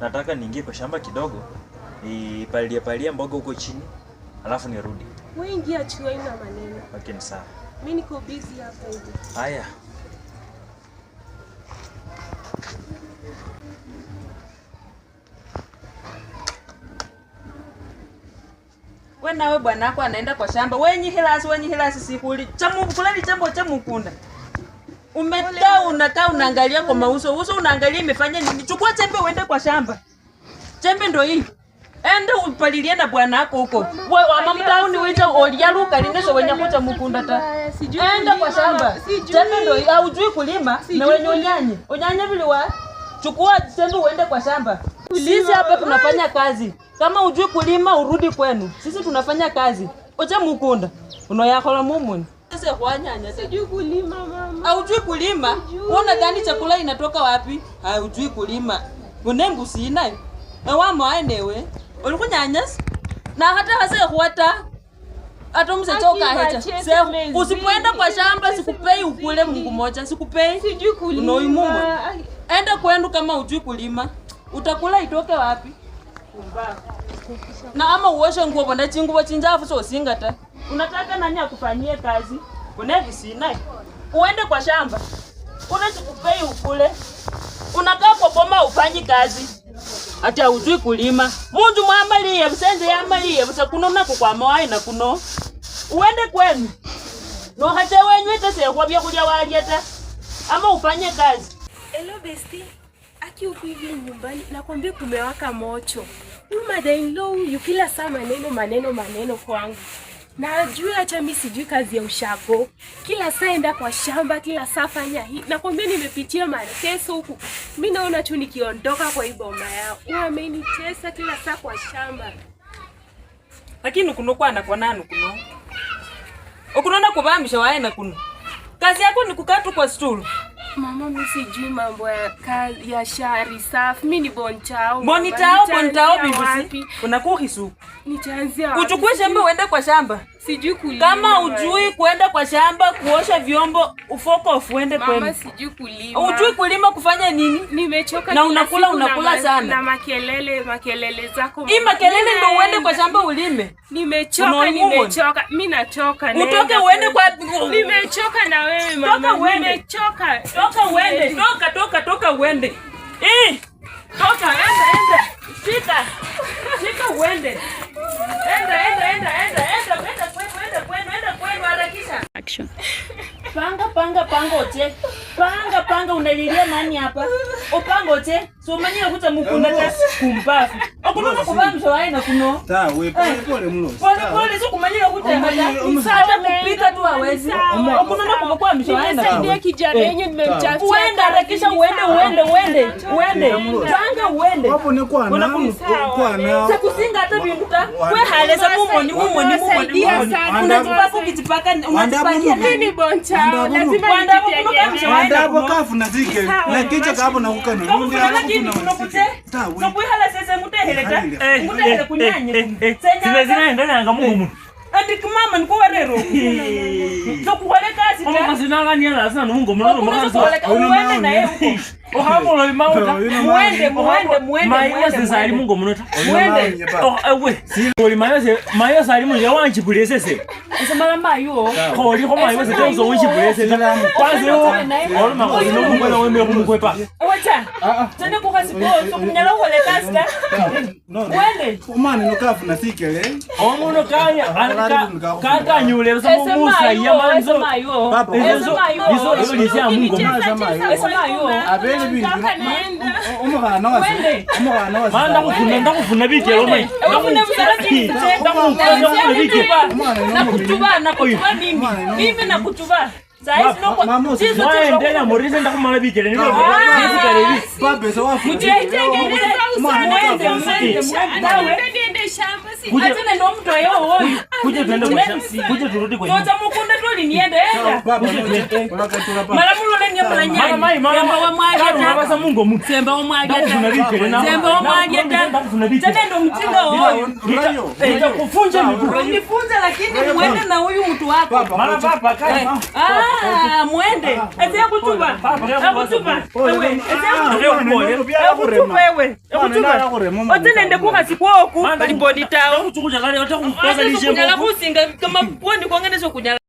nataka niingie kwa shamba kidogo nipalilie palia mboga huko chini, alafu nirudi. Wewe ingia chuo, ina maneno. Okay, sawa. Mimi niko busy hapa hivi. Haya. Wewe nawe bwanako anaenda kwa shamba wenyi hela, wenyi hilasi sikuli chamukuleli chambo chamukunda Umetaa unataa unaangalia kwa mauso. Uso unaangalia imefanya nini? Chukua chembe uende kwa shamba. Chembe ndio hii. Enda upalilie na bwana wako huko. Wewe mama mtaa ni wewe olialu wenye kuta mkunda ta. Enda kwa shamba. Chembe ndio hii. Haujui kulima na wenye unyanye. Unyanye vile wa. Chukua chembe uende kwa shamba. Sisi hapa tunafanya kazi. Kama ujui kulima urudi kwenu. Sisi tunafanya kazi. Ocha mkunda Unoyakola mumuni. Sasa kwa nyanya. Sijui kulima mama haujui kulima, wona dhani chakula inatoka wapi? Haujui kulima, unengu unembu sinayo ewamo aenewe olikunyanyasa na hata kuwata hasekhuwata ata omusetsa okahecha usipwenda kwa shamba sikupei ukule mungu moja sikupei sijui unoyu mumwe enda kwendu kama ujui kulima utakula itoke wapi na ama uoshe nguo chingu wa chinjafu sosinga ta unataka nani akufanyie kazi unevisinayo uende kwa shamba, kuna sikupei ukule, unakaa kwa boma ufanyi kazi, hata ujui kulima. Mundu mwamaliye busenze yamaliye busa kuno nako kwa mawai na kuno uende kwenu no hata wenywe tasekwa byakulya walya ta ama ufanye kazi. Hello bestie, aki huku hivi nyumbani nakwambia kumewaka mocho. Huyu mother in law yukila saa maneno maneno maneno kwangu Najua acha mimi sijui kazi ya ushago. Kila saa enda kwa shamba, kila saa fanya hii. Nakwambia nimepitia mateso huku. Mimi naona tu nikiondoka kwa hii boma yao. amenitesa kila saa kwa shamba. Lakini kuno kwa kwa nani kuno? Ukunaona kuvamisha wae na kuno. Kazi yako ni kukaa tu kwa stool. Mama, mimi sijui mambo ya kazi ya shari safi. Mi ni bonchao. Bonitao, bonitao bibi. Unakuwa hisuku. Nichaanzia. Uchukue shamba uende kwa shamba. Sijui kulima. Kama ujui kuenda kwa shamba kuosha vyombo ufoko ofuende kwema. Mama sijui kulima. Ujui kulima kufanya nini? Nimechoka. Na unakula unakula na sana. Na makelele makelele zako. Hii makelele ndio uende kwa shamba ulime. Nimechoka nimechoka. Mimi nachoka. Utoke uende kwa Nimechoka na wewe mama. Toka uende. Nimechoka. Toka uende. Toka toka toka uende. Eh! Toka enda enda. Sita. Sita uende. Enda Enda enda enda enda enda kesho. Panga panga panga ote. Panga panga unalilia nani hapa? Opanga ote. So manyia kuta mukunda kumbafu akunono kuvamsha waena kuno polepole sikumanyira kuti hata kupita tu awezi akunono kuvakwamsha waenauende harakisha uende uende uende uende tanga uende sekusinga hata vinduka wehalesa mumoni mumoni unatipaka ukitipaka unatipakiaandapo kafu natike nakicha kapo nakukanolakini kunokuce nokuihalesa semutehereta mayo sali muya wanjibulesese kholi khoma iwe setonzo uchibuleselela kwazewo oloma inokumkwela wemile kumukwepa tende kukhasibonso kunyala ukholekasita wende umani nokafuna sikele omuno kanya kakanyulelo samumusaiya manzo iso iso lisyamungo abele binoumukhana ndakufuna bikelo mai ndakufuna bikelo nakuchubaa nakuchubaa mimi mimi nakuchubaa endela morise ndakumala bigele mutuyaichengeianomtoyowoyokuja turudi kwenye mukunda toliniendaenda malamulo Mjifunze ah, ah, ah, lakini muende na huyu mtu wako. Mwende otendekuka sikwoku liboditao kunyala kusinga kama kwendikuongeneso kunyala